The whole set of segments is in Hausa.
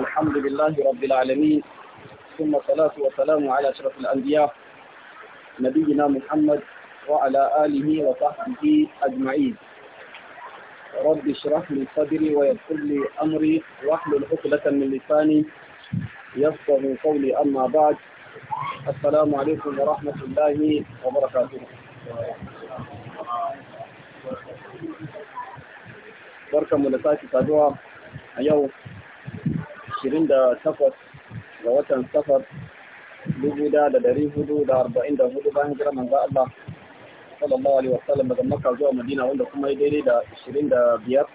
الحمد لله رب العالمين ثم صلاة وسلام على أشرف الأنبياء نبينا محمد وعلى آله وصحبه أجمعين رب اشرح لي صدري ويسر لي أمري واحلل عقدة من لساني يفقه قولي أما بعد السلام عليكم ورحمة الله وبركاته mu da sake saduwa a yau 28 ga watan safar 1444 bayan jira manzo Allah sallallahu alaihi wasallam daga Makka zuwa Madina wanda kuma ya daidai da 25 ga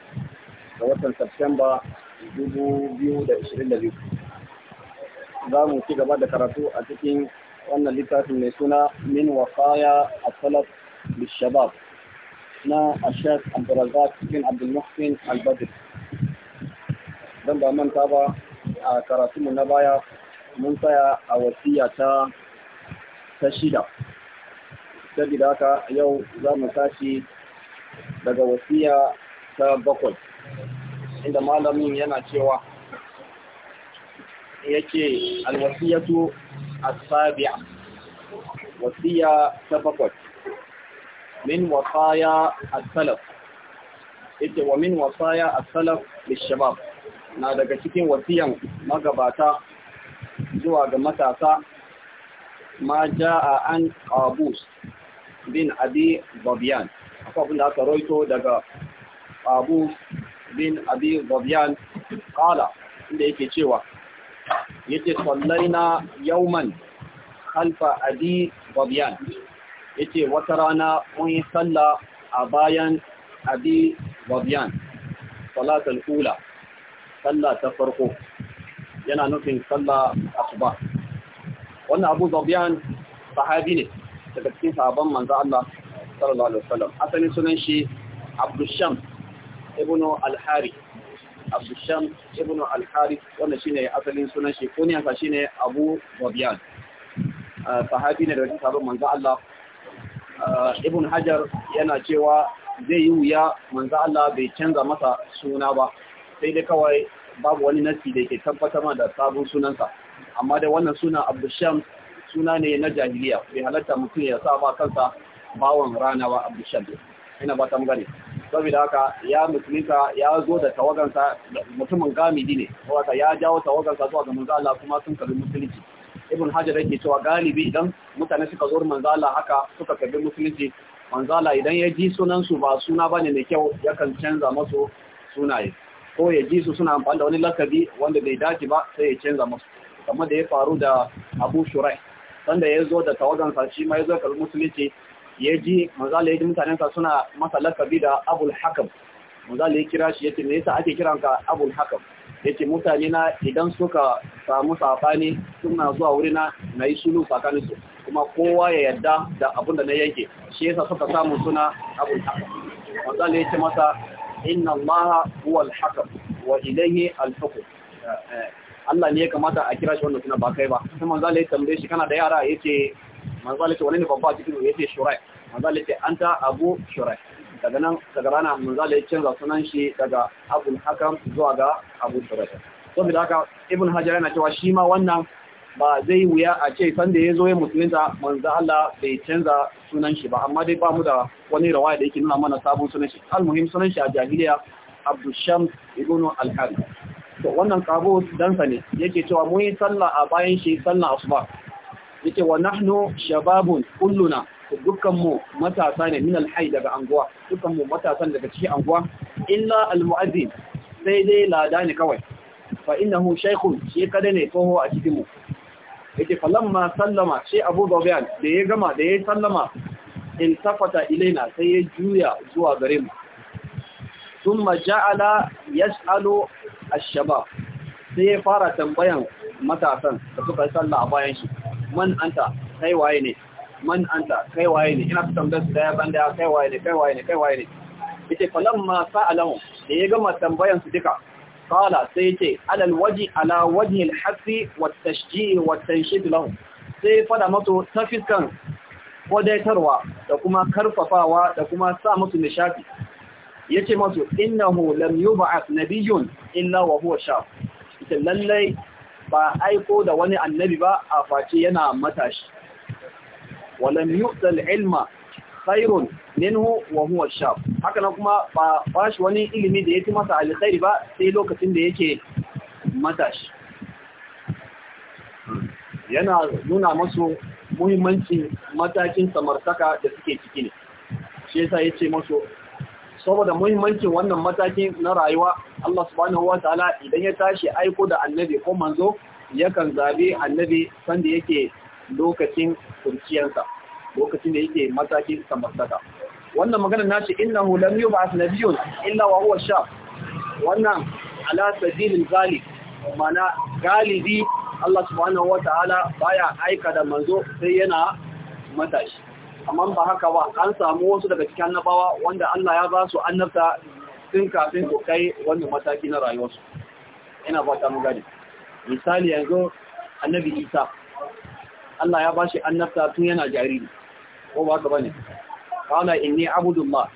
watan Septemba 2022 za mu ci gaba da karatu a cikin wannan littafin mai suna min wasaya a salaf bishabab na ashek abdulrazak bin abdulmuhsin albadr Dan ba manta ba a mu na baya mun tsaya a wasiya ta ta shida sabida haka yau za mu tashi daga wasiya ta bakwai inda malamin yana cewa yake alwasiyatu as-sabi'a wasiya ta bakwai من wasaya السلف salaf yake wa min wasaya as lishabab na daga cikin wasiyan magabata zuwa ga matasa ma jaa an qabus bin abi babyan akwai abin da aka roito daga abu bin abi babyan kala inda yake cewa yake sallaina yauman khalfa abi babyan yace wata rana mun yi sallah a bayan abi wabiyan salatul ula sallah ta farko yana nufin sallah asuba wannan abu zabiyan sahabi ne daga cikin sahaban manzo Allah sallallahu alaihi wasallam asalin sunan shi Abdushan ibn al-Harith Abdushan ibn al-Harith wannan shine asalin sunan shi ko ne haka shine Abu Rabian ah, sahabi ne daga cikin sahaban manzo Allah Eh, ibn hajar yana cewa zai yi wuya manza Allah bai canza masa suna ba sai dai kawai babu wani nasi da ke tabbatar da sabon sunansa amma da wannan suna abdusham suna ne na jahiliya bai halatta mutum ya sa ba kansa bawan rana ba abdusham ina ba saboda haka ya musulunta ya zo da tawagansa mutumin gamidi ne ya jawo tawagansa zuwa ga manzo Allah kuma sun karbi musulunci ibn hajar yake cewa galibi idan mutane suka zo manzala haka suka karbi musulunci manzala idan ya ji sunan su ba suna bane mai kyau yakan canza masu sunaye ko ya ji su suna amfani da wani lakabi wanda bai dace ba sai ya canza masu kamar da ya faru da abu shurai wanda ya zo da tawagansa shi ma ya zo karbi musulunci ya ji manzala ya ji mutanensa suna masa lakabi da abul hakam manzala ya kira shi ya ce me yasa ake kiranka abul hakam yace mutane na idan suka samu safani suna zuwa wurina na yi sulu tsakanin su kuma kowa ya yadda da abin da na yanke shi yasa suka samu suna abin haka. wanzan ya yace masa inna allaha huwa al wa ilayhi al Allah ne ya kamata a kira shi wannan suna ba kai ba sai manzo ya tambaye shi kana da yara yace manzo ya ce wani ne babba cikin yace shurai manzo ya ce anta abu shurai daga nan daga rana manzala ya canza sunan shi daga abul hakam zuwa ga abu surata saboda haka ibn hajar yana cewa shi ma wannan ba zai wuya a ce sanda ya zo ya musulunta manzo Allah bai canza sunan shi ba amma dai ba mu da wani rawaya da yake nuna mana sabon sunan shi almuhim sunan shi a jahiliya abdul shams ibn al to wannan kabo dansa ne yake cewa mun yi sallah a bayan shi sallah asuba yake wa nahnu shababun kulluna Dukanmu mu matasa ne min alhai daga anguwa dukkan matasan daga cikin anguwa illa almuazzin sai dai lada ne kawai fa innahu shaykhun shi kada ne toho a cikin mu yake falamma sallama shi Abu Dhabian da ya gama da ya sallama in tafata ilaina sai ya juya zuwa gare mu thumma ja'ala yas'alu ash-shabab sai ya fara tambayan matasan da suka yi sallah a bayan shi man anta kai waye ne man anta kai waye ne ina tambayar su daya banda kai waye ne kai waye ne kai waye ne yace ma sa'alahu da ya gama tambayan su duka qala sai yace alal waji ala wajhi al hasi wa tashji' wa tanshid lahu sai fada musu ta fiskan kodaitarwa da kuma karfafawa da kuma sa musu nishafi yace musu innahu lam yub'ath nabiyyun illa wa huwa shaf lallai ba aiko da wani annabi ba a face yana matashi walam yu'tal ilma khairun minhu wa huwa shab haka nan kuma ba bashi wani ilimi da ci masa alkhairi ba sai lokacin da yake matashi yana nuna masu muhimmancin matakin samartaka da suke ciki ne shi yasa yace masu saboda muhimmancin wannan mataki na rayuwa Allah subhanahu wataala idan ya tashi aiko da annabi ko manzo yakan zabe annabi sanda yake lokacin kurciyansa lokacin da yake matakin samartaka wannan magana nace innahu lam yub'ath nabiyyun illa wa huwa shab wannan ala sabilil ghalib mana galibi Allah subhanahu wataala baya aika da manzo sai yana matashi amma ba haka ba an samu wasu daga cikin annabawa wanda Allah ya ba su annabta tun kafin su kai wannan mataki na rayuwarsu ina ba ta mu gani misali yanzu annabi Isa Allah ya bashi annabta tun yana jariri ko ba ka bane qala inni abudullah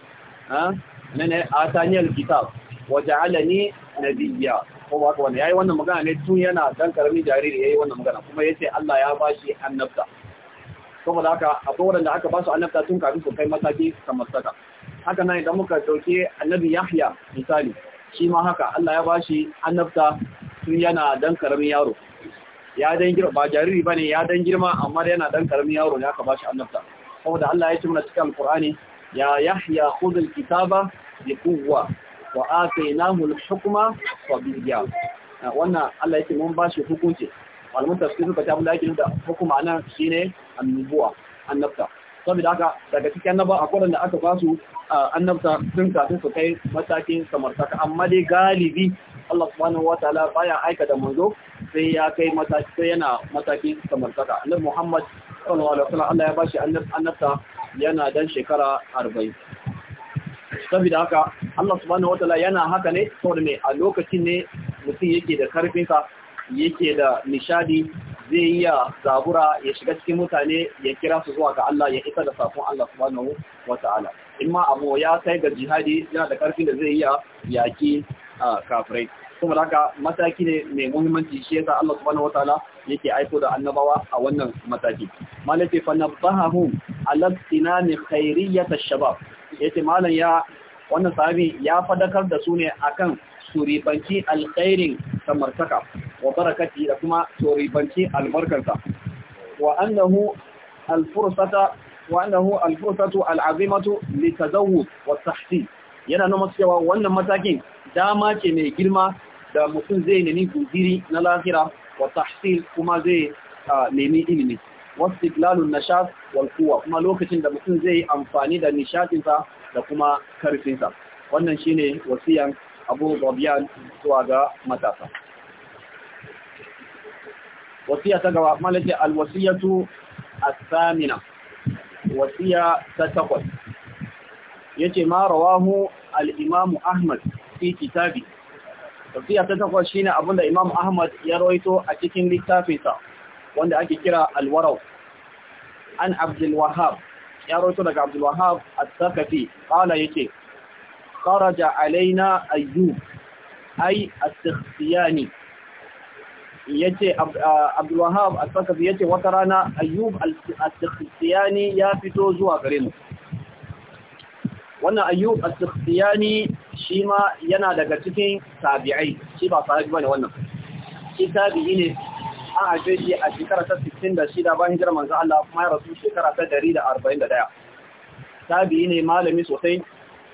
ha nana atani alkitab wa ja'alani nabiyya ko ba ka bane yayi wannan magana ne tun yana dan karami jariri yayi wannan magana kuma yace Allah ya bashi annabta saboda haka akwai da aka ba su annabta tun kafin su kai mataki kamar saka haka nan idan muka dauke annabi Yahya misali shi ma haka Allah ya bashi annabta tun yana dan karamin yaro ya dan girma ba jariri bane ya dan girma amma yana dan karamin yaro ne aka bashi annabta saboda Allah ya ce mana cikin alqur'ani ya yahya khudh alkitaba bi quwwa wa atainahu alhukma sabiyya ah, wannan Allah ya ce mun bashi hukunci malamin tafsir suka ta mulaki da hukuma nan shine annubuwa annabta saboda haka daga cikin annaba akwai wanda aka basu annabta sun kafin su kai matakin samartaka amma dai galibi Allah subhanahu wataala baya aika da manzo sai ya kai mataki sai yana mataki samartaka annab muhammad sallallahu alaihi wasallam Allah ya bashi annabta yana dan shekara 40 saboda haka Allah subhanahu wataala yana haka ne saboda me a lokacin ne mutum yake da karfin sa yake da nishadi zai iya zabura ya shiga cikin mutane ya kira su zuwa ga Allah ya isa da sakon Allah subhanahu wataala in ma abu ya kai ga jihadi yana da karfin da zai iya yaki kafirai saboda haka mataki ne mai muhimmanci shi yasa Allah subhanahu wataala yake aiko da annabawa a wannan mataki malafi fa nabahum ala istinami khairiyyat ash-shabab yace malan ya wannan sahabi ya fadakar da su ne akan suribanci alkhairin samartaka wa barakati da kuma suribanci albarkarsa wa annahu alfursata wa annahu alfursatu alazimatu litazawwud wa tahsin yana nuna cewa wannan matakin dama ce mai girma da mutum zai nemi guziri na lahira wa tahsil kuma zai nemi ilimi wasu iklalun na wal kuwa kuma lokacin da mutum zai amfani da nishaɗinsa da kuma karfinsa wannan shine wasiyan abu rabiyan zuwa ga matasa wasiya ta gaba malaki alwasiyatu as-samina wasiya ta takwas yace ma rawahu al ahmad fi kitabi tafiya ta takwas shine abinda Imam Ahmad ya rawaito a cikin littafinsa wanda ake kira Al-Waraw an Abdul Wahhab ya rawaito daga Abdul Wahhab At-Thaqafi qala yake kharaja alaina ayyub ay As-Sikhtiyani yace Abdul Wahhab As-Thaqafi yace wata rana Ayyub As-Sikhtiyani ya fito zuwa garin. wannan Ayyub As-Sikhtiyani shi ma yana daga cikin tabi'ai shi ba sahabi bane wannan shi tabi'i ne an haife shi a shekara ta da shida, bayan hijirar manzo Allah kuma ya rasu shekara ta 141 tabi'i ne malami sosai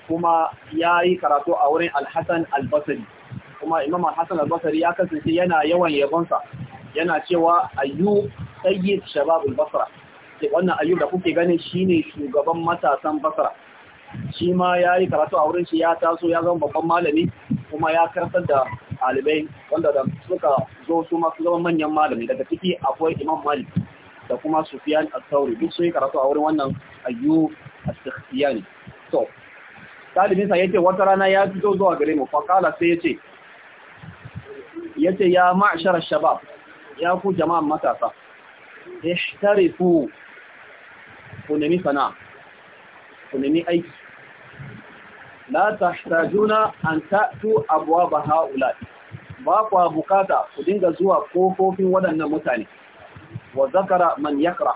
kuma yayi karatu a wurin Al-Hasan Al-Basri kuma Imam Al-Hasan Al-Basri ya kasance yana yawan yabonsa yana cewa ayyu sayyid shabab al-Basra wannan ayyub da kuke ganin shine shugaban matasan Basra shi ma ya yi karatu a wurin shi ya taso ya zama babban malami kuma ya karfar da ɗalibai wanda da suka zo su masu zama manyan malami daga ciki akwai imam malik da kuma sufiyan al-sauri duk sun yi karatu a wurin wannan ayyu a sakhtiyani to ɗalibin sa yace wata rana ya fito zuwa gare mu fakala sai yace yace ya ma'ashar shabab ya ku jama'an matasa Ya ku ku nemi sana'a ku aiki la tahtajuna an ta'tu abwaba haula ba kwa bukata ku dinga zuwa kofofin waɗannan mutane wa zakara man yakra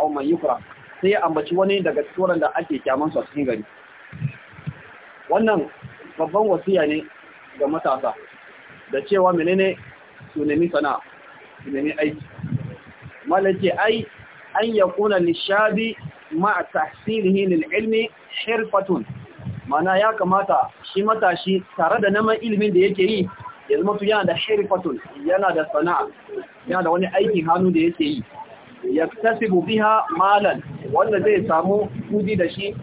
aw man yukra sai ambaci wani daga cikin da ake kyaman su a cikin gari wannan babban wasiya ne ga matasa da cewa menene su nemi sana'a su nemi aiki malaki ai an yakuna nishadi. ma'a a lil ilimi hirfatun mana ya kamata shi matashi tare da naman ilimin da yake yi ya zama tu yana da hirfatun yana da sana'a yana da wani aikin hannu da yake yi ya biha malan wanda zai samu kudi da shi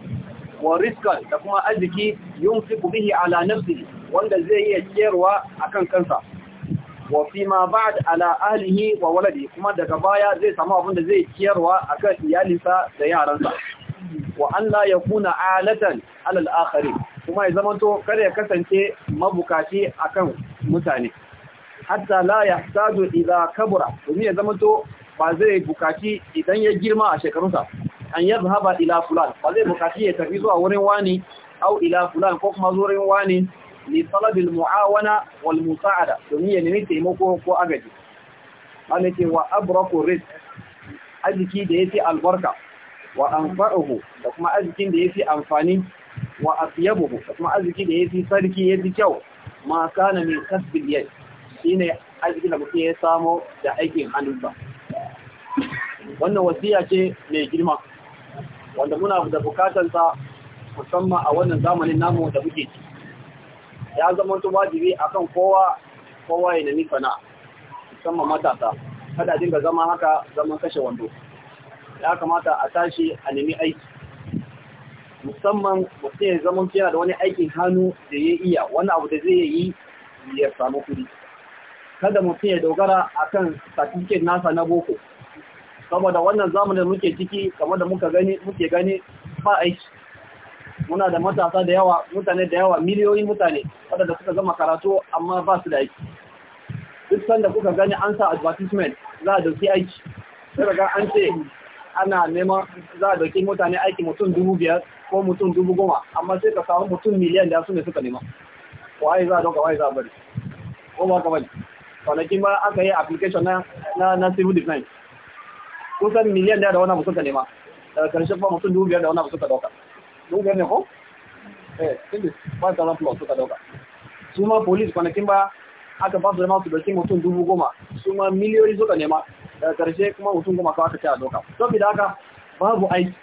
wa riskan da kuma arziki yunfiku bihi ala nafsihi wanda zai iya a kan kansa wa fi ma ba'd ala ahlihi wa waladi kuma daga baya zai samu abin da zai kiyarwa akan iyalinsa da yaransa wa an la kuna alatan ala kuma ya zamanto kare ya kasance mabukaci akan mutane hatta la yahtaju ila kabura domin ya zamanto ba zai bukaci idan ya girma a shekarunsa an yadhhaba ila fulan ba zai bukaci ya tafi zuwa wurin wani au ila fulan ko kuma zuwa wurin wani li talabil mu'awana wal musa'ada domin ya nemi taimako ko agaji ana ce wa abraku ris aziki da yafi albarka wa anfa'uhu da kuma azikin da yafi amfani wa atyabuhu da kuma aziki da yafi sarki yafi kyau ma kana min kasbil yad shine arziki da mutum ya samo da aikin hannunsa wannan wasiya ce mai girma wanda muna da bukatansa musamman a wannan zamanin namu da muke ci ya zama to wajibi akan kowa kowa ya nemi fana. musamman matasa kada dinga zama haka zaman kashe wando ya kamata a tashi a nemi aiki musamman mutum ya zama yana da wani aikin hannu da ya iya wani abu da zai yi ya samu kuɗi. kada mutum ya dogara a kan certificate nasa na boko saboda wannan zamanin muke ciki kamar da muka gani muke gani ba aiki muna da matasa da yawa mutane da yawa miliyoyin mutane wadanda suka zama karatu amma ba su da aiki duk sanda kuka gani an sa advertisement za a dauki aiki sai ga an ce ana neman za a dauki mutane aiki mutum dubu biyar ko mutum dubu goma amma sai ka samu mutum miliyan da su ne suka nema waye za a dauka waye za a bari ko ba ka bari kwanakin ba aka yi application na na na civil defense kusan miliyan da wani abu suka nema daga karshen ba mutum dubu biyar da wani abu suka dauka dubu biyar ne ko eh tindi one thousand plus suka dauka su ma police kwanakin ba aka ba su dama su dauki mutum dubu goma su ma miliyoyi suka nema daga karshe kuma mutum goma kawai aka ce a dauka saboda haka babu aiki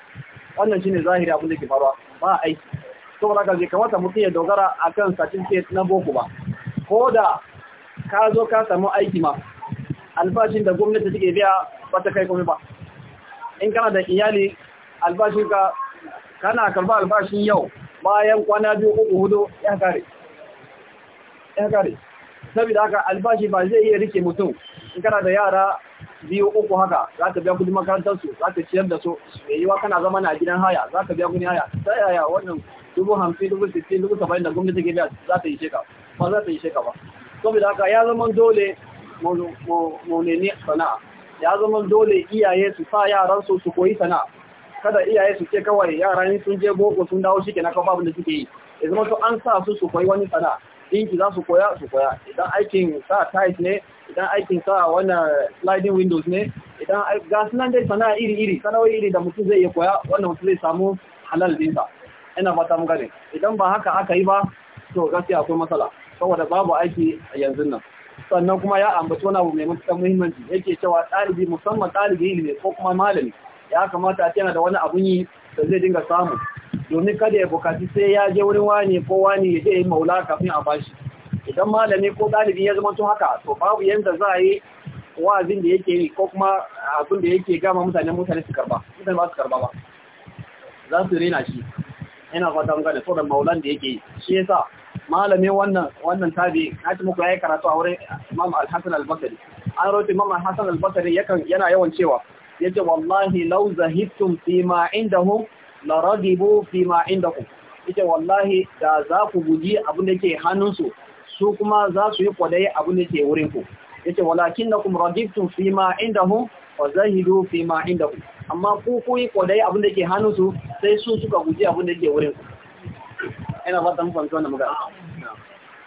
wannan shine zahiri abin da ke faruwa ba aiki saboda haka bai kamata mutum ya dogara akan certificate na boko ba ko da ka zo ka samu aiki ma albashin da gwamnati take biya ba ta kai komai ba in kana da iyali albashin ka kana karba albashin yau bayan kwana biyu uku hudu ya kare ya kare saboda haka albashi ba zai iya rike mutum in kana da yara biyu uku haka za ka biya kudin makarantar su za ka ciyar da su mai yiwa kana zama na gidan haya za ka biya kudin haya ta yaya wannan dubu hamsin dubu sittin dubu saba'in da gwamnati ke biya za ta yi sheka ba za ta yi sheka ba saboda haka ya zama dole mu nemi sana'a ya zama dole iyaye su sa yaran su su koyi sana'a kada iyaye su ce kawai yara ni sun je boko sun dawo shi kenan kawai abin da suke yi ya zama to an sa su su koyi wani sana'a dinki za su koya su koya idan aikin sa tight ne idan aikin sa wannan sliding windows ne idan ga sunan dai sana'a iri iri sana'o'i iri da mutum zai iya koya wannan mutum zai samu halal dinsa ina fata mun gane idan ba haka aka yi ba to gaskiya akwai matsala saboda babu aiki a yanzu nan sannan kuma ya ambaci wani abu mai matuƙar muhimmanci yake cewa ɗalibi musamman ɗalibi ilimi ko kuma malami ya kamata a tana da wani abun yi da zai dinga samu domin kada ya bukaci sai ya je wurin wani ko wani ya je yi maula kafin a bashi idan malami ko ɗalibi ya zama tun haka to babu yadda za a yi wa'azin da yake yi ko kuma abin da yake gama mutane mutane su karba mutane ba su karba ba za su rena shi ina fata mun gane saboda maulan da yake yi shi yasa malamin wannan wannan tabi na ci muku yayi karatu a wurin Imam Al-Hasan Al-Basri an rote Imam Al-Hasan Al-Basri yakan yana yawan cewa yace wallahi law zahittum fima hun la ragibu fima ya yace wallahi da za ku guji abin da ke hannunsu su kuma za su yi kwadai abin da yake wurin ku yace walakinnakum radibtum fima hun wa zahidu fima indahum amma ku ku yi kwadai abin da ke hannunsu sai su suka guji abin da yake wurin ku ina ba tan fahimta wannan magana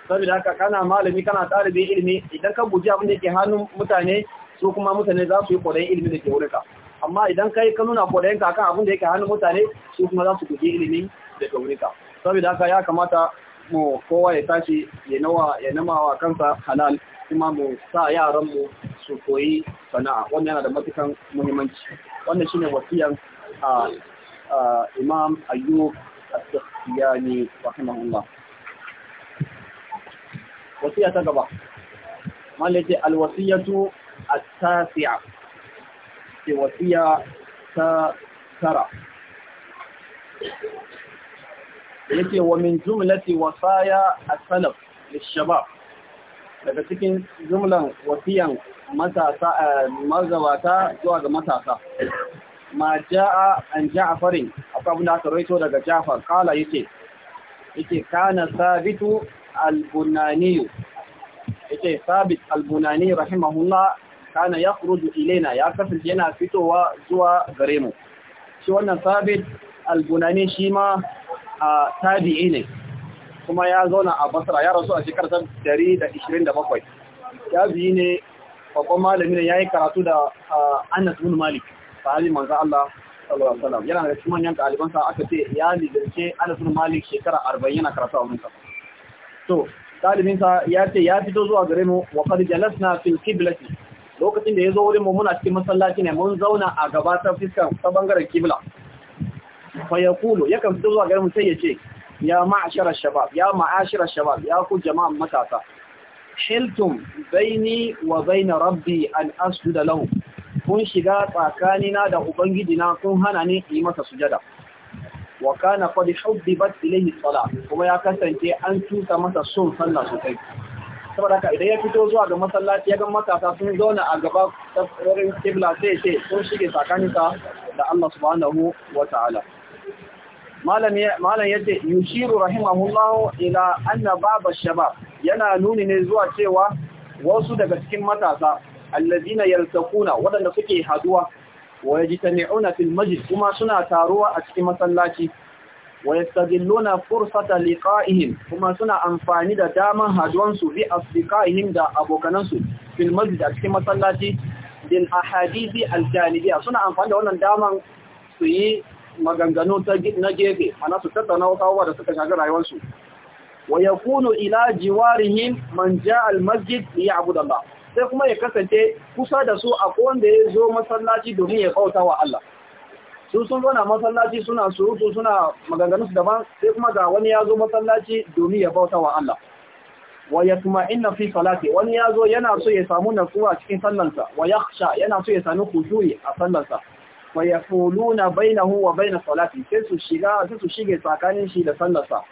saboda haka kana malami kana ɗalibin ilimi idan ka guji abin da ke hannun mutane su kuma mutane za su yi kodayin ilimin da ke ka. amma idan kai ka nuna kodayin ka kan abin da yake hannun mutane su kuma za su guji ilimin da ke ka. saboda haka ya kamata mu kowa ya tashi ya nawa ya nama namawa kansa halal kuma mu sa yaran mu su koyi sana'a wannan yana da matukan muhimmanci wannan shine wasiyan imam ayyub as rahimahullah wasiya ta gaba malaka al-wasiyatu التاسعة في وصية ترى yake wa min jumlati wasaya as-salaf lish daga cikin jumlan wasiyan matasa mazawata zuwa ga matasa ma jaa an ja'farin akwai abin da aka rawaito daga Ja'far kala yake yake kana sabitu al-bunani yake sabit al-bunani rahimahullah kana ya kuruju ilaina ya kasance yana fitowa zuwa gare mu shi wannan sabit al-bunani shi ma a tabi'i ne kuma ya zauna a basra ya rasu a shekarar 127 tabi'i ne babban malami ne yi karatu da Anas bin Malik sahabi manzo Allah sallallahu alaihi wasallam yana da cikin manyan ɗaliban aka ce ya lidirce Anas bin Malik shekara 40 yana karatu a wurin sa to ɗalibin ya ce ya fito zuwa gare mu wa qad jalasna fil qiblati lokacin da ya zo wurin mu muna cikin masallaci ne mun zauna a gaba ta fiskar ta bangaren kibla fa ya kulu ya kan fito zuwa garin mu sai ya ce ya ma'ashara shabab ya ma'ashara shabab ya ku jama'an matasa shiltum baini wa baina rabbi an asjuda lahu kun shiga tsakanina da ubangiji na kun hana ni yi masa sujada wa kana qad hubbibat ilayhi salat kuma ya kasance an tuka masa son sallah sosai saboda haka idan ya fito zuwa ga masallaci ya ga matasa sun zauna a gaba tsarin kibla sai ce sun shige tsakaninsa da Allah subhanahu wa ta'ala malam yace yushiru rahimahullahu ila anna baba shabab yana nuni ne zuwa cewa wasu daga cikin matasa allazina yaltaquna wadanda suke haduwa wa yajtami'una fil majlis kuma suna taruwa a cikin masallaci wa fursata liqa'ihim kuma suna amfani da daman haduwan su bi asdiqa'ihim da abokanan su fil masjid a cikin masallaci bil ahadisi al suna amfani da wannan daman su yi maganganu na gefe ana su tattauna wasu da suka shafi rayuwar su wa yakunu ila jiwarihim man ja'a al-masjid liya'budu Allah sai kuma ya kasance kusa da su akwai wanda ya zo masallaci domin ya kautawa Allah su sun zo na masallaci suna surutu suna maganganunsu daban sai kuma ga wani ya zo masallaci domin ya bauta wa Allah wa yatma'inna fi salati wani ya zo yana so ya samu natsuwa cikin sallansa wa yana so ya sami khushu'i a sallansa wa yaquluna bainahu wa bain salati sai su shiga sai su shige tsakanin shi da sallarsa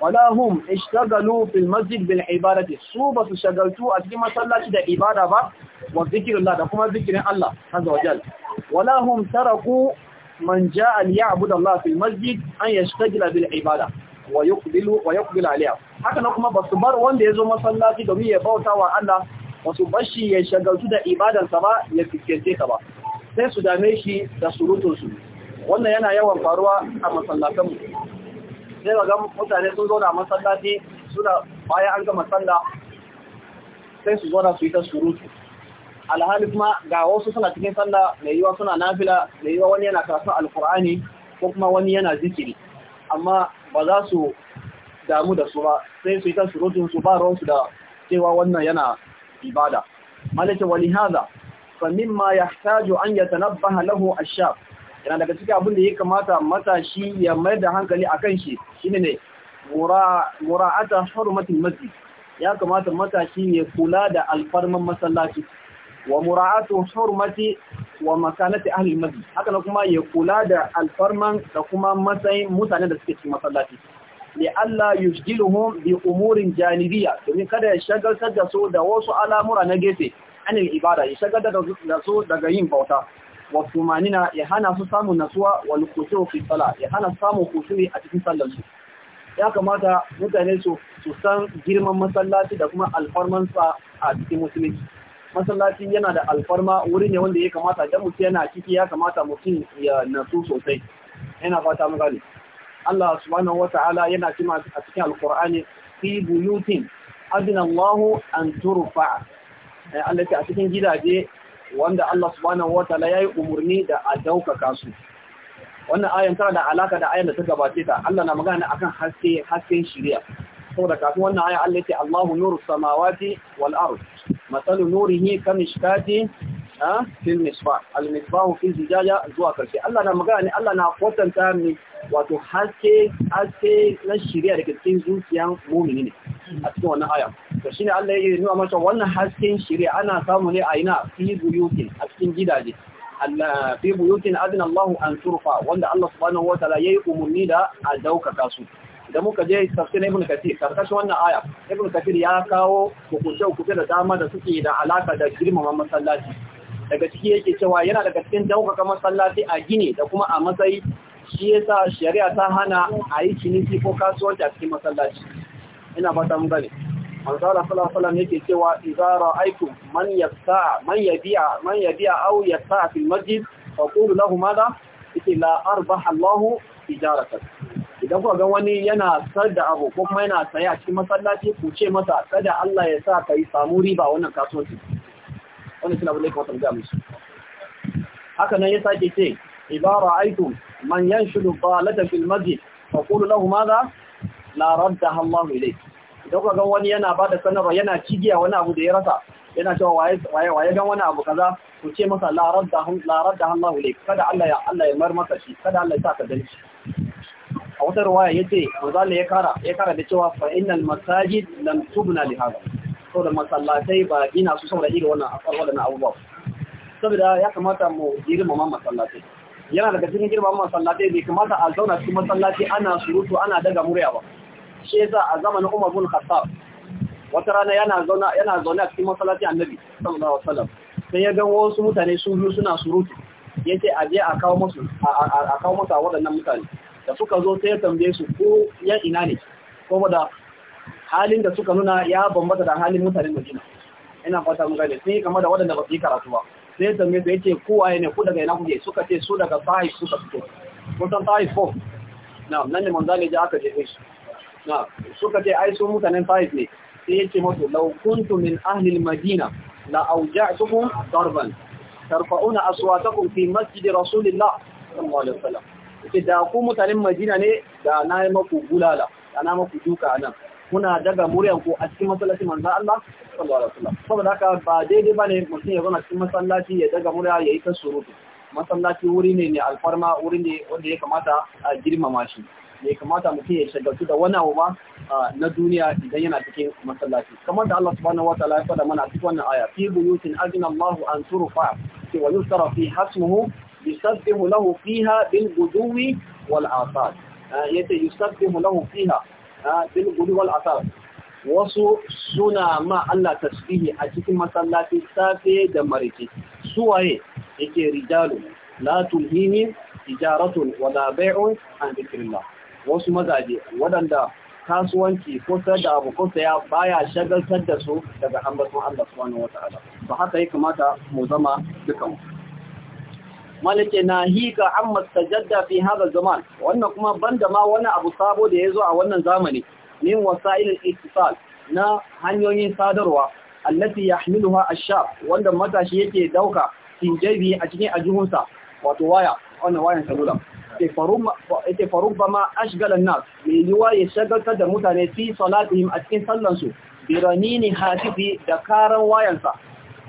wala hum ishtagalu fil masjid bil ibadati su ba su shagaltu a cikin masallaci da ibada ba wa zikrillah da kuma zikirin Allah azza wajal wala hum taraku man ja'a liya'budu Allah fil masjid an yashtagila bil ibada wa yuqbilu haka na kuma basu bar wanda yazo masallaci domin ya bauta wa Allah basu bashi ya shagaltu da sa ba ya fiskece ka ba sai su dame shi da surutun su wannan yana yawan faruwa a masallatan mu sai ga mutane sun zo da masallaci suna bayan an gama sallah sai su zo da su yi ta surutu alhali kuma ga wasu suna cikin sallah mai yiwa suna nafila mai yiwa wani yana karatun alkur'ani ko kuma wani yana zikiri amma ba za su damu da su ba sai su yi ta surutun su ba ruwansu da cewa wannan yana ibada malaka wani haza fa mimma yahtaju an yatanabbaha lahu a sha. yana daga cikin abin da ya kamata matashi ya mayar da hankali akan shi shine ne mura'ata hurmatul masjid ya kamata matashi ya kula da alfarman masallaci wa mura'atu hurmati wa makanati ahli masjid haka kuma ya kula da alfarman da kuma matsayin mutane da suke cikin masallaci li alla yusjiluhum bi umurin janibiyya domin kada ya shagaltar da su da wasu al'amura na gefe anil ibada ya shagaltar da su daga yin bauta wa tumanina ya hana su samun natsuwa wa khushu fi salat ya hana samun hutuni a cikin sallar su ya kamata mutane su su san girman masallaci da kuma alfarmansa a cikin musulunci masallaci yana da alfarma wuri ne wanda ya kamata dan mutum yana ciki ya kamata mutum ya nasu sosai yana fata mu gane Allah subhanahu wataala yana cewa a cikin alqur'ani fi buyutin adina Allah an turfa eh, Allah ta cikin gidaje wanda Allah subhanahu wataala yayi umurni da a daukaka su wannan ayan tana da alaka da ayan da ta gabace ta Allah na magana akan haske hasken shari'a saboda kafin wannan aya Allah ya ce Allahu nuru samawati wal ardh matsalu nurihi ka mishkati a fil misbah al misbah fi zijaja zuwa karshe Allah na magana ne Allah na kwatanta mi wato haske haske na shirya daga cikin zuciyan mu'mini ne a cikin wannan aya to shine Allah ya nuna masa wannan hasken shirya ana samu ne a ina fi buyutin a cikin gidaje fi buyutin adina Allah an turfa wanda Allah subhanahu wataala yayi umurni da a daukaka su da muka je tafsirin ibn kathir karkashin wannan aya ibn kathir ya kawo hukunce hukunce da dama da suke da alaka da girmama masallaci daga ciki yake cewa yana daga cikin daukaka masallaci a gini da kuma a matsayi shi yasa shari'a ta hana a yi ciniki ko kasuwanci a cikin masallaci ina fata mun gane manzo Allah sallallahu alaihi wasallam yake cewa idza ra'aytum man yasa man yabi'a man yabi'a aw yasa fil masjid faqulu lahu madha ila arbaha Allahu tijaratak idan kuwa ga wani yana sar da abu ko kuma yana saya a cikin masallaci ku ce masa kada Allah ya sa ka yi samu riba wannan kasuwanci wannan shi na bude kawatan ga musu haka nan ya sake ce ibara Aitu, man yanshudu balata fil masjid fa qulu lahu madha la raddaha Allah ilayk idan kuwa ga wani yana bada sanarwa yana cigiya wani abu da ya rasa yana cewa waye waye waye gan wani abu kaza ku ce masa la raddaha la raddaha Allah ilayk kada Allah ya Allah ya mar maka shi kada Allah ya sa ka dalci a wata ruwaya yace wazalla ya kara ya kara da cewa fa innal masajid lam tubna li hada da masallatai ba gina su saboda irin wannan akwai wadannan abubuwa saboda ya kamata mu girmama masallatai yana daga cikin girmama masallatai bai kamata a zauna cikin masallaci ana surutu ana daga murya ba shi yasa a zamanin Umar bin Khattab wata rana yana zauna yana zauna cikin masallaci Annabi sallallahu alaihi wasallam sai ya ga wasu mutane sun biyu suna surutu yace a je a kawo musu a kawo musu waɗannan mutane da suka zo sai ya tambaye su ko ya ina ne Ko da halin da suka nuna ya bambata da halin mutanen Madina ina fata mun gane sai kamar da waɗanda ba su yi karatu ba sai ya tambaye su yace ko waye ne ku daga ina kuke suka ce su daga Taif suka fito kun san Taif ko Na nan ne manzali ji aka je shi Na suka ce ai su mutanen Taif ne sai yace musu law kuntum min ahli al-Madina la awja'tukum darban tarfa'una aswatakum fi masjid rasulillah sallallahu alaihi wasallam da ku mutanen Madina ne da na yi maku bulala da na maku duka a nan kuna daga muryan ku a cikin masallaci manzo Allah sallallahu alaihi wasallam saboda haka ba daidai bane mutum ya a cikin masallaci ya daga murya ya yi ta surutu masallaci wuri ne ne alfarma wuri ne wanda ya kamata a girmama shi ya kamata mutum ya shagaltu da wani abu ba na duniya idan yana cikin masallaci kamar da Allah subhanahu wa ta'ala ya faɗa mana a cikin wannan aya fi buyutin azina Allahu an turfa wa yusra fi hasmuhu yusabbihu lahu fiha bil guduwi wal asar wasu suna ma Allah tasbihi a cikin masallaci safe da marike suwaye yake rijalu la tulhini tijaratun wala bai'un an dhikrillah wasu mazaje wadanda kasuwanci ko da abu ko saya baya shagaltar da su daga ambaton Allah subhanahu wataala ba haka ya kamata mu zama mu. malike na hika an mastajadda fi hada zaman wannan kuma banda ma wani abu sabo da ya zo a wannan zamani min wasa'ilin ittisal na hanyoyin sadarwa allati yahmiluha ash-shab wanda matashi yake dauka tinjabi a cikin ajuhunsa wato waya wannan wayan salula ke farubba ma ashgala nas mai yiwa ya shagaltar da mutane fi salatihim a cikin sallansu biranini hatifi da karan wayansa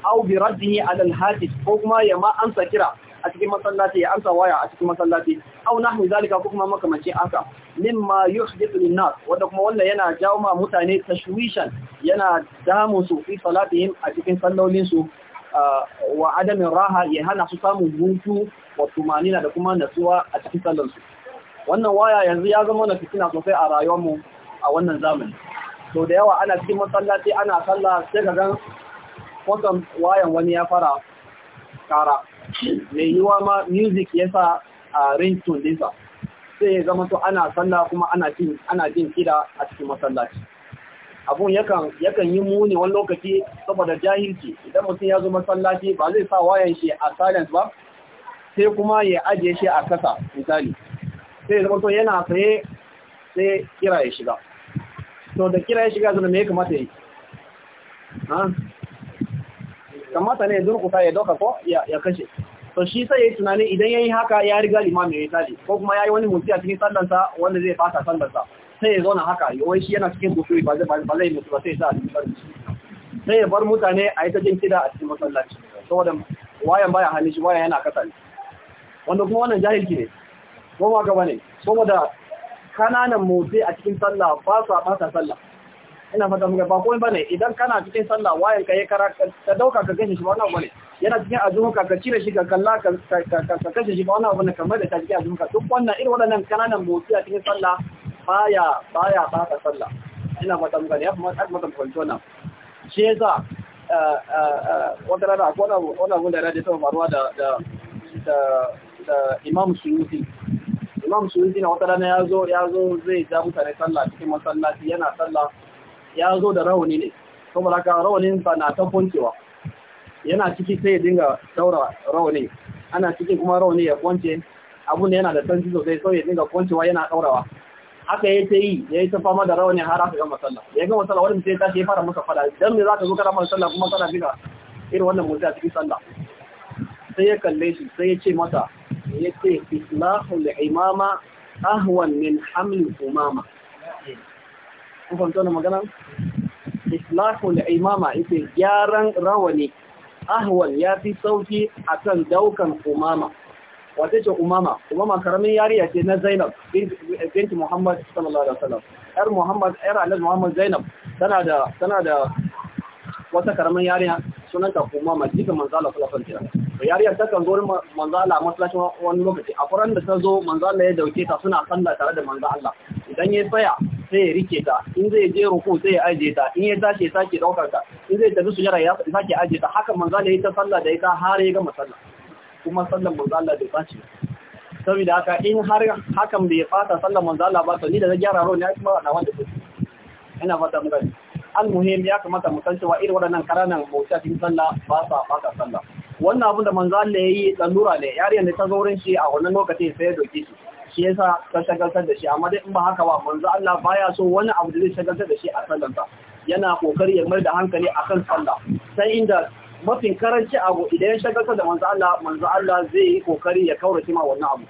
au bi raddihi ala al-hatif ko kuma ya ma amsa kira a cikin masallaci ya amsa waya a cikin masallaci aw nahnu zalika ko kuma makamanci aka mimma yuhdithu lin-nas wanda kuma wannan yana jawo ma mutane tashwishan yana damu su fi salatihim a cikin sallolin su wa adamin raha ya hana su samun hutu wa tumanina da kuma natsuwa a cikin sallar wannan waya yanzu ya zama na fitina sosai a rayuwar mu a wannan zamani to da yawa ana cikin masallaci ana sallah sai ga ga wasan wayan wani ya fara kara mai yiwa ma music sa a ringtone disa. sai ya zama to ana sallah kuma ana jin kira a cikin masallaci abun yakan yi muni wani lokaci saboda jahilci idan mutum ya zo masallaci ba zai sa wayan shi a silence ba sai kuma ya ajiye shi a kasa misali sai ya zama to yana tsaye sai kira ya shiga to da kira ya shiga zana me ya kamata yi kamata ne durkusa ya dauka ko ya kashe to shi sai yi tunanin idan yayi haka ya riga limamin ya tali ko kuma yayi wani mutsi a cikin sallansa wanda zai fata sallansa sai ya zauna haka yawai shi yana cikin kusuri ba zai ba zai mutu ba sai sa sai ya bar mutane a yi ta jin kida a cikin masallaci saboda wayan baya hannun shi wayan yana kasa ne wanda kuma wannan jahilci ne ko ma gaba ne saboda kananan motsi a cikin sallah ba su a fata sallah ina fata muka ba komai bane idan kana cikin sallah wayan ka ya kara ka dauka ka kashe shi wannan bane yana cikin azuka ka cire shi ka kalla ka ka kashe shi wannan bane kamar da ta cikin ka duk wannan irin waɗannan kananan motsi a cikin sallah baya baya ba ka sallah ina fata muka ya kuma tsaka maka kwanto nan. shi yasa eh, eh, eh, wata rana akwai wani wannan da ya rage taɓa faruwa da da imam suyuti imam suyuti na wata rana ya zo ya zo zai ja mutane sallah cikin masallaci yana sallah ya zo da rauni ne saboda ka raunin sa na ta kwancewa yana ciki sai ya dinga daura rauni, ana ciki kuma rauni ya kwance abun da yana da sanci sosai sai ya dinga kwancewa yana daurawa haka ya ta yi ya yi ta fama da rauni har aka gama sallah ya gama sallah wani mutum ya tashi ya fara masa fada dan me ka zo kana masalla sallah kuma kana bida irin wannan mutum a cikin sallah sai ya kalle shi sai ya ce mata ya ce islahul imama ahwan min hamlin umama kun fahimta wannan magana islahul imama ita gyaran rawani ahwal ya fi sauki akan daukan umama wata ce umama umama karamin yariya ce na zainab binti muhammad sallallahu alaihi wasallam yar muhammad yar alhaji muhammad zainab tana da tana da wata karamin yariya sunanta umama jikin manzo Allah sallallahu alaihi wasallam yariya ta kan gori manzo Allah masallacin wani lokaci a furan da ta zo manzo Allah ya dauke ta suna sallah tare da manzo Allah idan ya tsaya sai ya rike ta in zai je ruku sai ya aje ta in ya tashi sake daukar ta in zai tafi sujara ya sake aje ta haka manzo Allah ya ta sallah da ita har ya gama sallah kuma sallan manzo Allah bai bace saboda haka in har hakan bai fata sallan manzo Allah ba to ni da zan gyara rawani ya kuma na wanda kuke ina fata mun gani almuhim ya kamata mu san cewa irin waɗannan karanan cikin sallah ba sa fata sallah wannan abin da manzo Allah yayi tsallura ne yariyar da ta zo wurin shi a wannan lokacin sai ya doke shi shi yasa ka shagaltar da shi amma dai in ba haka ba manzo Allah baya so wani abu da zai shagaltar da shi a sallarsa yana kokari ya mai da hankali akan sallah sai inda mafin karanci abu idan ya shagaltar da manzo Allah manzo Allah zai yi kokari ya kaurace ma wannan abu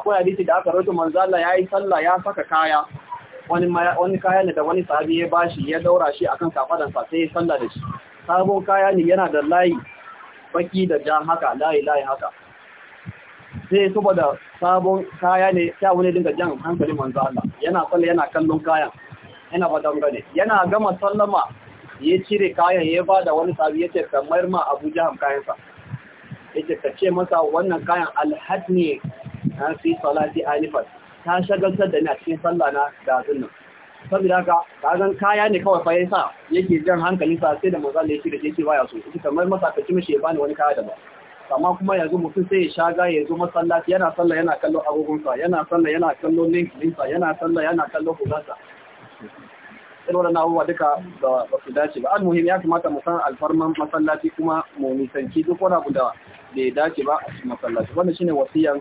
akwai hadisi da aka rawaito manzo Allah yi sallah ya saka kaya wani wani kaya ne da wani sahabi ya bashi ya daura shi akan kafadansa sai ya sallah da shi sabon kaya ne yana da layi baki da jan haka layi layi haka sai saboda sabon kaya ne sai wani dinga jan hankalin manzo Allah yana sallah yana kallon kayan yana ba dan gane yana gama sallama ya cire kayan ya ba da wani sabi yace kamar ma ham kayan kayansa yace ka ce masa wannan kayan Alhadni na fi salati alifat ta shagaltar da ni a cikin sallah na da zunnan saboda haka kagan kaya ne kawai fa yasa yake jan hankalinsa sai da manzo Allah ya cire yake baya so kamar masa ka ci mishi ya bani wani kaya da ba amma kuma yanzu mutum sai ya shaga ya zo masallaci yana sallah yana kallon agogunsa yana sallah yana kallon linkinsa yana sallah yana kallon hulansa irin waɗannan abubuwa duka ba su dace ba almuhim ya kamata mu san alfarman masallaci kuma mu nisanci duk wani abu da bai dace ba a cikin masallaci wannan shine wasiyan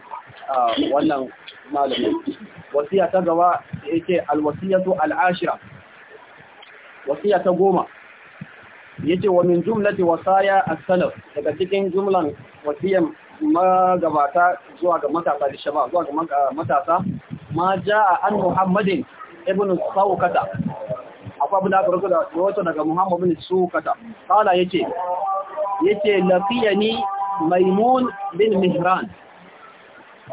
wannan malamin wasiya ta gaba yake alwasiyatu al'ashira wasiya ta goma yace wa min jumlati wasaya as-salaf daga cikin jumlan wasiyan magabata zuwa ga matasa da shaba zuwa ga matasa ma jaa an muhammadin ibn sawkata akwai abin da aka rubuta da wato daga muhammad ibn sawkata kala yace yace lafiyani maimun bin mihran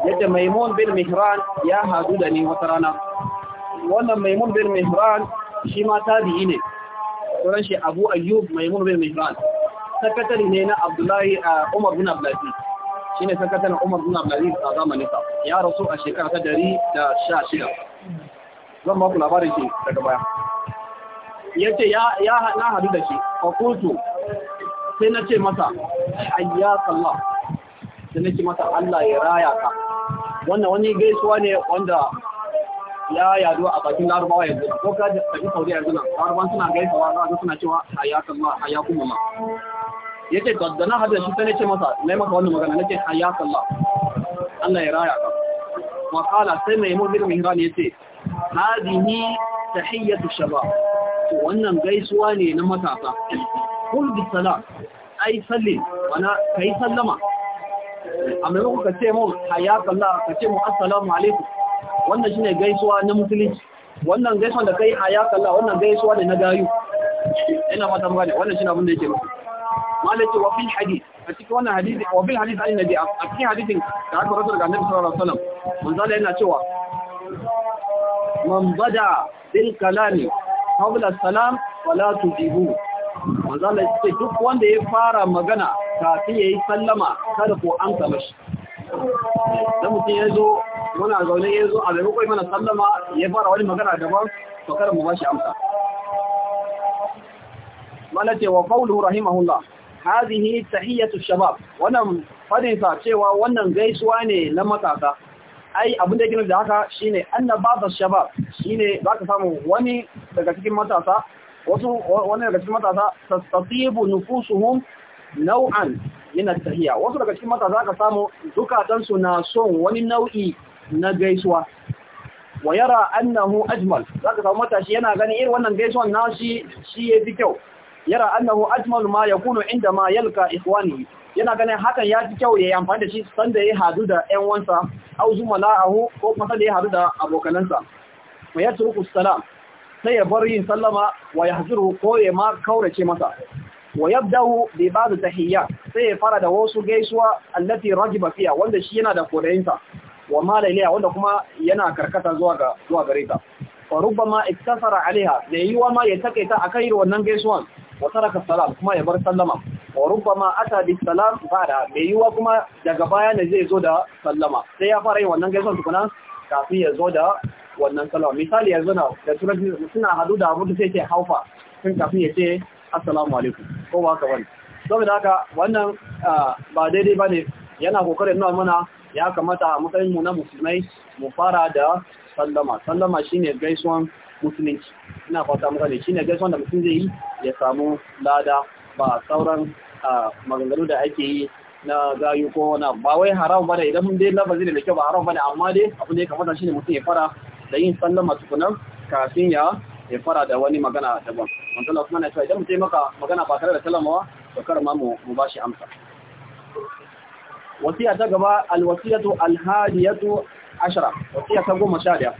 yace maimun bin mihran ya hadu da ni wata rana wannan maimun bin mihran shi ma tabi'i ne sauran shi Abu Ayyub Maimun bin Mihran sakatari ne na Abdullahi Umar bin Abdulaziz shine sakataren Umar bin abdullahi a zamanin sa ya rasu a shekara ta dari da sha shida. zan ba ku labarin shi daga baya yace ya ya na hadu da shi fa sai na ce masa ayyaka Allah sai na ce masa Allah ya raya ka wannan wani gaisuwa ne wanda ya yado a bakin larubawa yanzu ko ka tafi saudi yanzu nan larubawa suna sawa za ga suna cewa hayakan ya kuma ma yace to da na hada shi sai nace masa nayi masa wannan magana nace hayakan Allah Allah ya raya ka wa qala sai mai mu bin mihran yace hadihi tahiyatu shabab to wannan gaisuwa ne na matasa kul bi salat ai salli wana kai sallama a maimakon ka ce mu hayakan Allah ka ce mu assalamu alaikum wannan shine gaisuwa na musulunci wannan gaisuwa da kai hayaka Allah wannan gaisuwa da na gayu ina fata mun gane wannan shine abin da yake malaki wa fil hadith a cikin wannan hadisi wa fil hadith an nabi a cikin hadisin da aka rawaito daga annabi sallallahu alaihi wasallam mun Allah yana cewa man bada bil kalami qabla salam wala tujibu mun Allah ce duk wanda ya fara magana kafin yayi sallama kada ko an kama shi dan mutum ya zo muna zaune ya zo a maimakon mana sallama ya fara wani magana daban to kada mu bashi amsa mana cewa wa qawluhu rahimahullah hadhihi tahiyatu shabab wannan fadinsa cewa wannan gaisuwa ne na matasa ai abin da gina da haka shine baba shabab shine baka samu wani daga cikin matasa wasu wani daga cikin matasa tasatibu nufusuhum nau'an min at-tahiyya wasu daga cikin matasa ka samu dukatan su na son wani nau'i na gaisuwa wa yara annahu ajmal zaka samu matashi yana gani irin wannan gaisuwan nashi shi yafi kyau yara annahu ajmal ma ya yakunu inda ma yalka ikhwani yana ganin hakan ya fi kyau yi amfani da shi sanda ya hadu da ƴan wansa au zumala'ahu ko kuma sanda ya hadu da abokanansa wa yatruku salam sai ya bar yin sallama wa yahzuru ko ya ma kaurace masa wa yabda'u bi ba'd tahiyya sai ya fara da wasu gaisuwa allati ragiba fiya wanda shi yana da kodayinsa wa mala wanda kuma yana karkata zuwa ga zuwa gare ta fa rubbama iktasara alaiha da yiwa ma ya takaita akai wannan gaisuwan wa taraka salam kuma ya bar sallama wa rubbama ata bi salam bada da yiwa kuma daga baya ne zai zo da sallama sai ya fara yin wannan gaisuwan tukuna kafin ya zo da wannan sallama misali yanzu na da turanci suna hadu da abu da sai ce haufa tun kafin ya ce assalamu alaikum ko ba ka wani saboda haka wannan ah, ba daidai ba ne yana kokarin nuna mana ya kamata a matsayin mu na musulmai mu fara da sallama sallama shine gaisuwan musulunci ina fata muka ne shine gaisuwan da mutum zai yi ya samu lada ba sauran maganganu da ake yi na gayu ko wani ba wai haram bane idan mun dai labarin da kyau ba haram bane amma dai abu ne kamata shine mutum ya fara da yin sallama tukunan kafin ya ya fara da wani magana daban. Manzala kuma na cewa idan mutum maka magana ba tare da ba, to kar ma mu bashi amsa. wasiya ta gaba alwasiyatu alhadiyatu ashara wasiya ta goma sha daya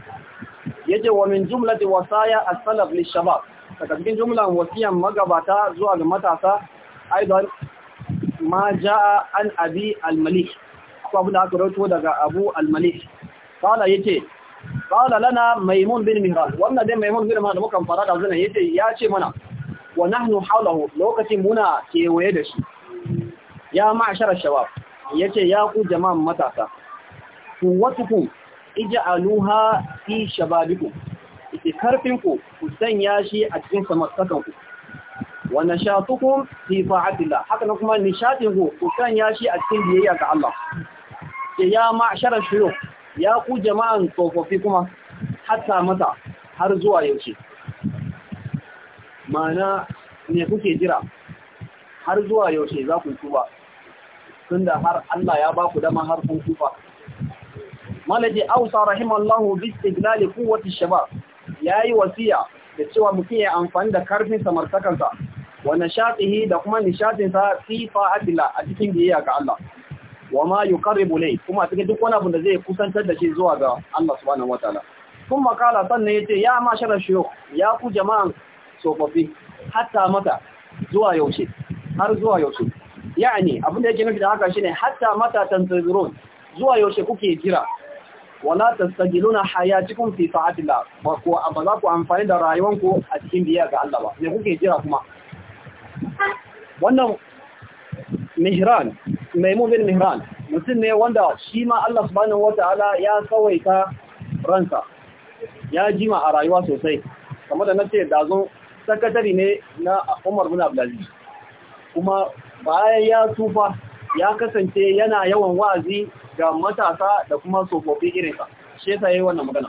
yace wa min jumlati wasaya as-salaf lish-shabab daga cikin jumlan wasiyan magabata zuwa ga matasa aidan ma jaa an abi al-malik ko abu da aka rawaito daga abu al-malik kala yace lana maimun bin mihran wannan dai maimun bin mihran mukan fara da zana yace ya ce mana wa nahnu hawlahu lokacin muna kewaye da shi ya ma'ashara shabab Ya ce ya ku jama'an matasa kuwatukum ij'aluha fi shababiku ite karfinku ku ku sanya shi a cikin samartakan ku sha fi fa'atillah haka na kuma nishatinku ku sanya shi a cikin biyayya ga Allah ya shara shiro ya ku jama'an tsofaffi kuma hatta mata har zuwa yaushe mana ne kuke jira har zuwa yaushe za ku tuba tunda har Allah ya ba ku dama har kun kufa malaji ausa rahimallahu bi istiglali quwwati shabab yayi wasiya da cewa mutum ya amfani da karfin samartakansa wa nashatihi da kuma nishatin sa fi a cikin biyayya ga Allah wa ma yuqarribu lay kuma cikin duk wani abu da zai kusantar da shi zuwa ga Allah subhanahu wataala kuma kala sannan yace ya shara shuyukh ya ku jama'an tsofaffi hatta mata zuwa yaushe har zuwa yaushe yani abinda yake nufi da haka shine hatta mata tantazirun zuwa yaushe kuke jira wala tastajiluna hayatikum fi sa'atillah ba ku ku amfani da rayuwanku a cikin biyar ga Allah ba me kuke jira kuma wannan mihran maimun bin mihran mutum ne wanda shi ma Allah subhanahu wataala ya sawaita ranka, ya jima a rayuwa sosai kamar da nace da zo sakatari ne na Umar bin Abdulaziz kuma bayan ya tufa ya kasance yana yawan wa'azi ga matasa da kuma tsofaffi irinsa shi ta yi wannan magana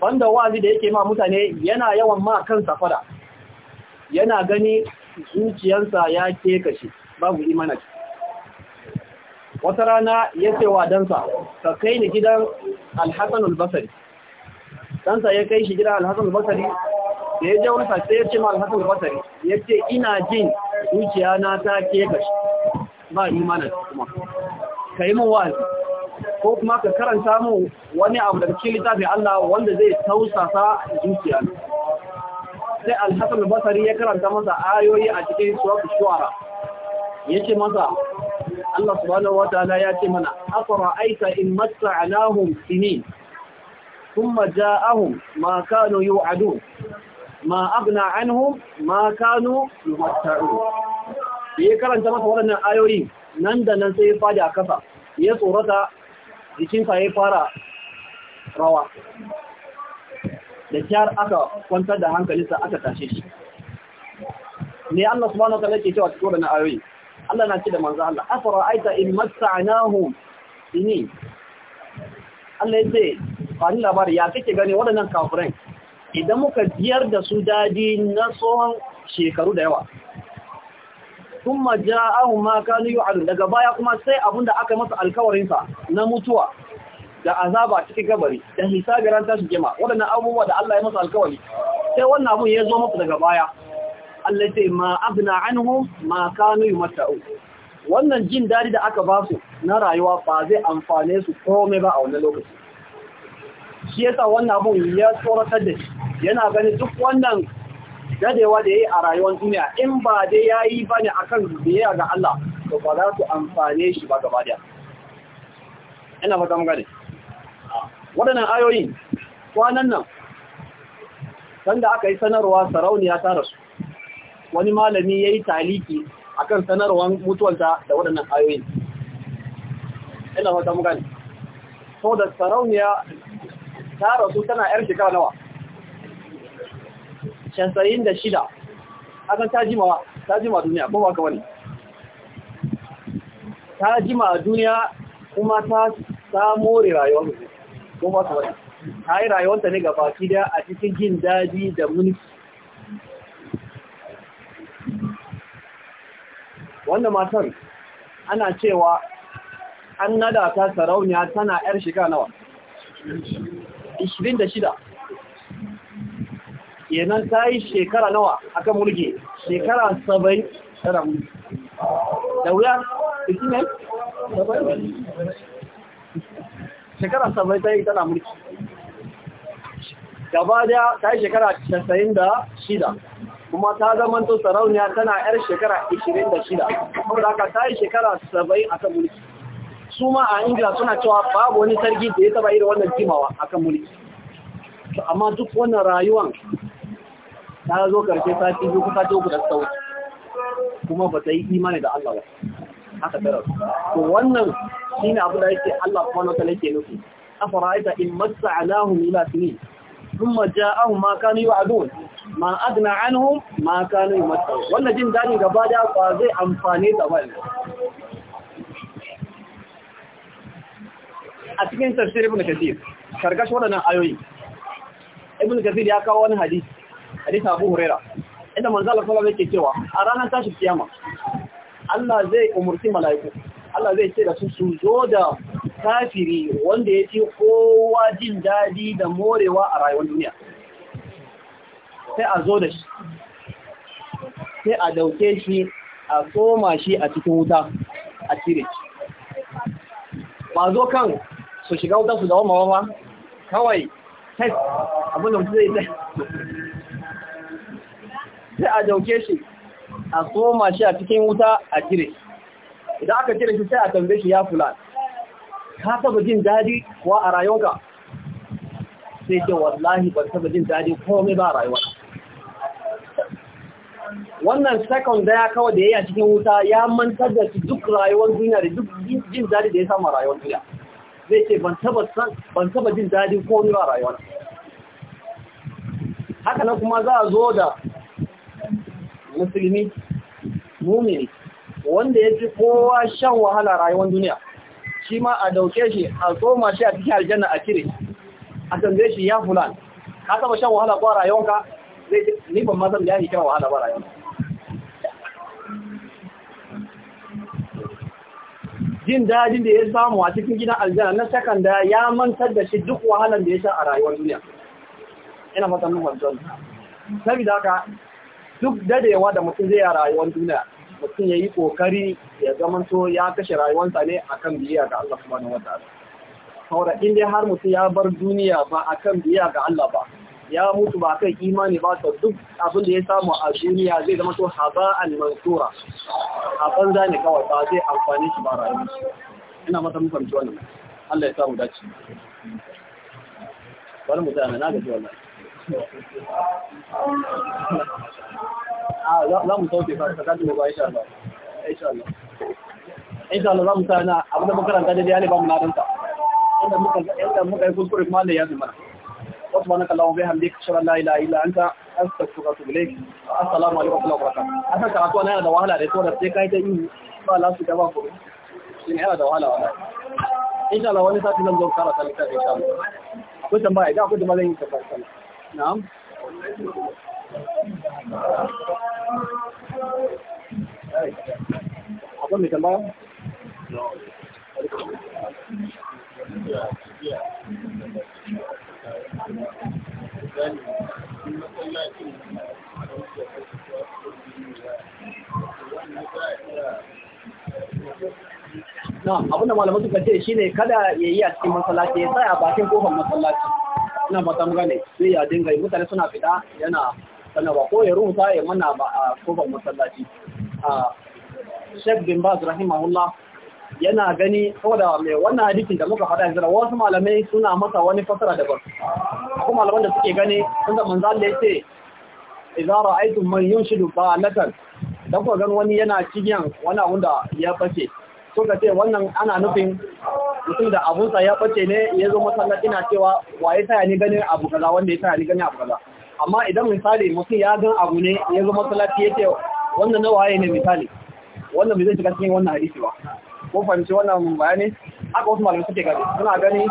banda wa'azi da yake ma mutane yana yawan ma kansa fada yana gani zuciyarsa ya ke kashi babu imana wata rana ya ce wa dansa ka kai ni gidan alhassan albasari dansa ya kai shi gidan alhassan albasari da ya jawarsa sai ya ce ma alhassan basari ya ce ina jin zuciya na ta ke kashi ba imanin kuma ka yi min ko kuma ka karanta mu wani abu da cikin littafin Allah wanda zai tausasa zuciya sai alhassan basari ya karanta masa ayoyi a cikin shuwara Ya ce masa Allah subhanahu wataala ya ce mana afara aika in matta'nahum sinin ثم جاءهم ما كانوا يوعدون ma abna anhum ma kanu yumatta'u ya karanta masa waɗannan ayoyi nan da nan sai ya fadi a kasa ya tsorata jikinsa ya fara rawa da kyar aka kwantar da hankalinsa aka tashe shi ne Allah subhanahu wataala yake cewa cikin wannan ayoyi Allah na ce da manzo Allah afara aita in matta'nahum ini Allah yace ba ni labari ya kake gane waɗannan kafirai idan muka biyar da su daji na tsohon shekaru da yawa sun maja ahun maka yi wa'adun daga baya kuma sai abin da aka masa alkawarinsa na mutuwa da azaba cikin gabari da hisabi ran tashi jima waɗannan abubuwa da Allah ya masa alkawari sai wannan abu ya zo masa daga baya Allah ya ce ma abna anhum ma kanu yumata'u wannan jin dadi da aka ba su na rayuwa ba zai amfane su komai ba a wannan lokaci shi yasa wannan abun ya tsoratar da shi yana gani duk wannan dadewa da yayi a rayuwar duniya in ba dai yayi bane akan biyayya ga Allah to ba za su amfane shi ba gaba daya ina fata mun gane waɗannan ayoyi kwanan nan sanda aka yi sanarwa sarauniya ta rasu wani malami yayi taliki akan sanarwar mutuwanta da waɗannan ayoyi ina fata mun gane da sarauniya ta rasu tana yar shekara nawa casa'in da shida akan ta jimawa ta jima duniya ko ba ka wani ta jima duniya kuma ta samu rayuwar ko ba ka wani ta yi rayuwarta ne gaba ki da a cikin jin daji da mulki wannan matan ana cewa an nada ta sarauniya tana yar shekara nawa 26 kenan ta yi shekara nawa akan mulki shekara 70 tara mulki da wuya ikinan shekara 70 ta yi tana mulki gaba daya ta yi shekara 96 kuma ta zamanto sarauniya tana yar shekara 26 kuma da ka ta yi shekara 70 akan mulki su ma a ingila suna cewa babu wani sarki da ya taba irin wannan jimawa a kan mulki amma duk wannan rayuwan ta zo karshe sati biyu kusa ta uku da sau kuma ba ta yi imani da Allah ba haka tara to wannan shi ne abu da yake Allah kuma na talake nufi nufi afara'aita in matta'nahum ila sinin thumma ja'ahum ma kanu yu'adun ma adna anhum ma kanu yumatta'un wannan jin dadi gaba da ba zai amfane ta ba a cikin tafsir ibn kathir karkashin waɗannan ayoyi ibn kathir ya kawo wani hadisi hadisi abu huraira inda manzo Allah sallallahu alaihi cewa a ranar tashi kiyama Allah zai umurci mala'iku Allah zai ce da su su zo da kafiri wanda ya ci kowa jin dadi da morewa a rayuwar duniya sai a zo da shi sai a dauke shi a soma shi a cikin wuta a cire shi ba zo kan su shiga wutar su da mawa ba kawai test abinda da mutum zai sai a dauke shi a soma shi a cikin wuta a cire idan aka cire shi sai a tambaye shi ya fula ka taba jin daɗi kuwa a ka? sai ce wallahi ba taba jin daɗi komai ba a rayuwa wannan second daya kawai da yi a cikin wuta ya mantar da duk rayuwar duniya da duk jin daɗi da ya samu a rayuwar duniya zai ce ban taba san ban taba jin dadin komai ba rayuwa haka nan kuma za a zo da musulmi mumini wanda ya fi kowa shan wahala rayuwar duniya shi ma a dauke shi a tsoma shi a cikin aljanna a kire a tambaye shi ya fulani ka ba shan wahala ko ka zai ni ban ma san da yake kira wahala ba rayuwar jin dajin da ya samu a cikin gidan aljanna na sakanda ya mantar da shi duk wahalar da ya sha a rayuwar duniya ina fata mun sabi da haka duk dadewa da mutum zai a rayuwar duniya mutum ya yi kokari ya zamanto ya kashe rayuwarsa ne kan biya ga Allah kuma na wata saura dai har mutum ya bar duniya ba a kan biya ga Allah ba ya mutu ba kai imani ba ta duk abin da ya samu a duniya zai zama to haba al-mansura a banza ne kawai ba zai amfani shi ba rayuwa ina mata mun fahimci wannan Allah ya samu dace bari mu tsaya na gaji wallahi ah, a za mu sauke ka ka kaji ba insha Allah insha Allah insha Allah za mu sa na abin da makaranta da dai ne ba mu na danta inda muka yi kuskure kuma da ya zama subhanaka allahumma bihamdika ashhadu an la ilaha illa anta astaghfiruka wa atubu ilayk assalamu alaikum wa rahmatullahi wa barakatuh karatu yana da wahala da saboda sai kai ta yi ba lasu da ba ku shine yana da wahala wallahi insha Allah wani sati zan zo karanta littafin insha Allah akwai tambaya idan na abin da malamai suka ce shine kada ya yi a cikin masallaci ya tsaya a bakin kofar masallaci ina fata mu gane sai ya dinga mutane suna fita yana sanarwa ko ya rubuta ya mana a kofar masallaci ah, shek bin Baz rahimahullah yana gani saboda mai wannan hadisin da muka faɗa yanzu wasu malamai suna masa wani fasara daban akwai malaman da suke gani sun da manzo Allah yace idza ra'aytum man yunshidu ba'latan da ku gani wani yana cikin wani abu da ya bace to ka ce wannan ana nufin mutum da abun sa ya bace ne ya zo masallaci na cewa waye taya ni ganin abu kaza wanda ya taya ni ganin abu kaza amma idan misali mutum ya gan abu ne ya zo masallaci ya ce wannan nawaye ne misali wannan bai zai shiga cikin wannan hadisi ba ko fahimci wannan bayani haka wasu malamai suke gani suna gani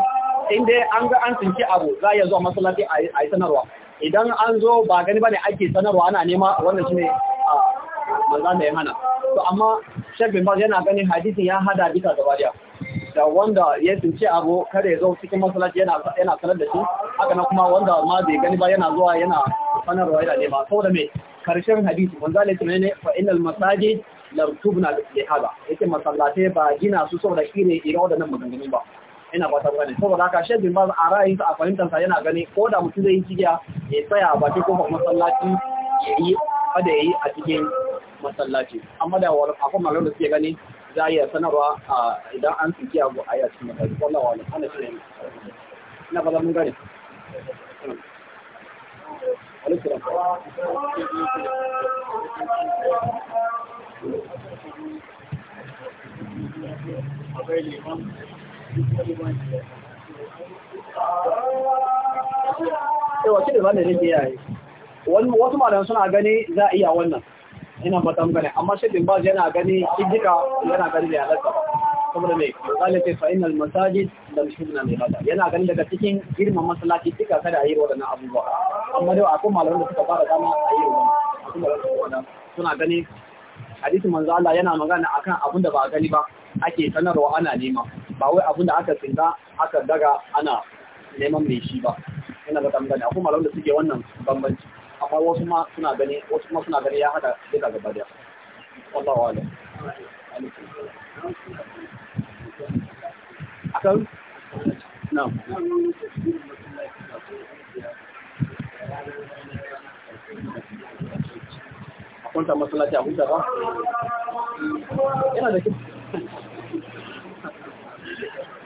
in dai an ga an tsinci abu za a iya zuwa masallaci a yi sanarwa idan an zo ba gani ba ne ake sanarwa ana nema wannan shine manzan da ya hana to amma shek bin yana gani hadisin ya hada bisa gaba daya da wanda ya tsinci abu kada ya zo cikin masallaci yana yana sanar da shi haka na kuma wanda ma bai gani ba yana zuwa yana sanarwa yana nema saboda me karshen hadisi manzan ne fa innal masajid lartubna da haɗa yake masallatai ba gina su saboda shine ira wadannan maganganu ba ina ba ta gane saboda haka shi bin ba a ra'ayin sa a fahimtar sa yana gani ko da mutum zai yi jiya ya tsaya a bakin kofar masallaci ya yi kada ya yi a cikin masallaci amma da wani akwai malamu da suke gani za a iya sanarwa idan an tsinki abu a yi a cikin masallaci wallahi wani ana shi ne ina ba mun gane alaikum Yawa shi da zane rage yayi. Wasu malayan suna gani za a iya wannan, ina matan gane, amma shi bin baji yana gani ƙidika yana gani da yalarsa. Saboda mai, misali ce masajid da mishin suna mai hada. Yana gani daga cikin girman masalaki duka kada a yi waɗannan abubuwa. Amma dai akwai malayan da suka fara dama a yi waɗannan. Suna gani hadisin manzo Allah yana magana akan abin da ba gani ba ake sanarwa ana nema ba wai abin da aka tsinta aka daga ana neman mai shi ba yana da tambaya akwai malamin da suke wannan bambanci amma wasu ma suna gani wasu ma suna gani ya hada duka gaba daya wallahu wala akan na'am kwanta masallaci a huta ba yana da kyau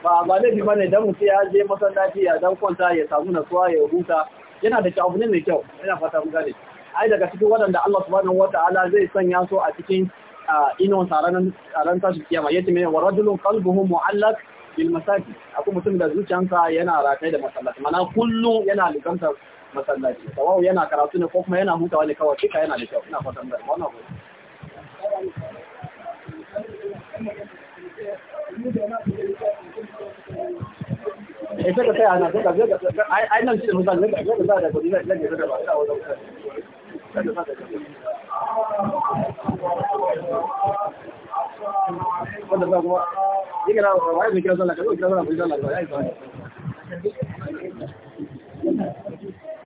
ba ba laifi fi ne don mutu ya je masallaci ya dan kwanta ya samu nasuwa ya huta yana da kyau ne mai kyau yana fata mu gane ai daga cikin waɗanda Allah subhanahu wata'ala zai sanya su a cikin inon tsaron tsaron tashi kiyama yace mai wa rajulun qalbuhu mu'allaq bil masajid akwai mutum da zuciyarsa yana rataye da masallaci mana kullum yana likantar masallaci sawa'u yana karatu ne kuma yana hutawa ne kawai yana da kyau ina fatan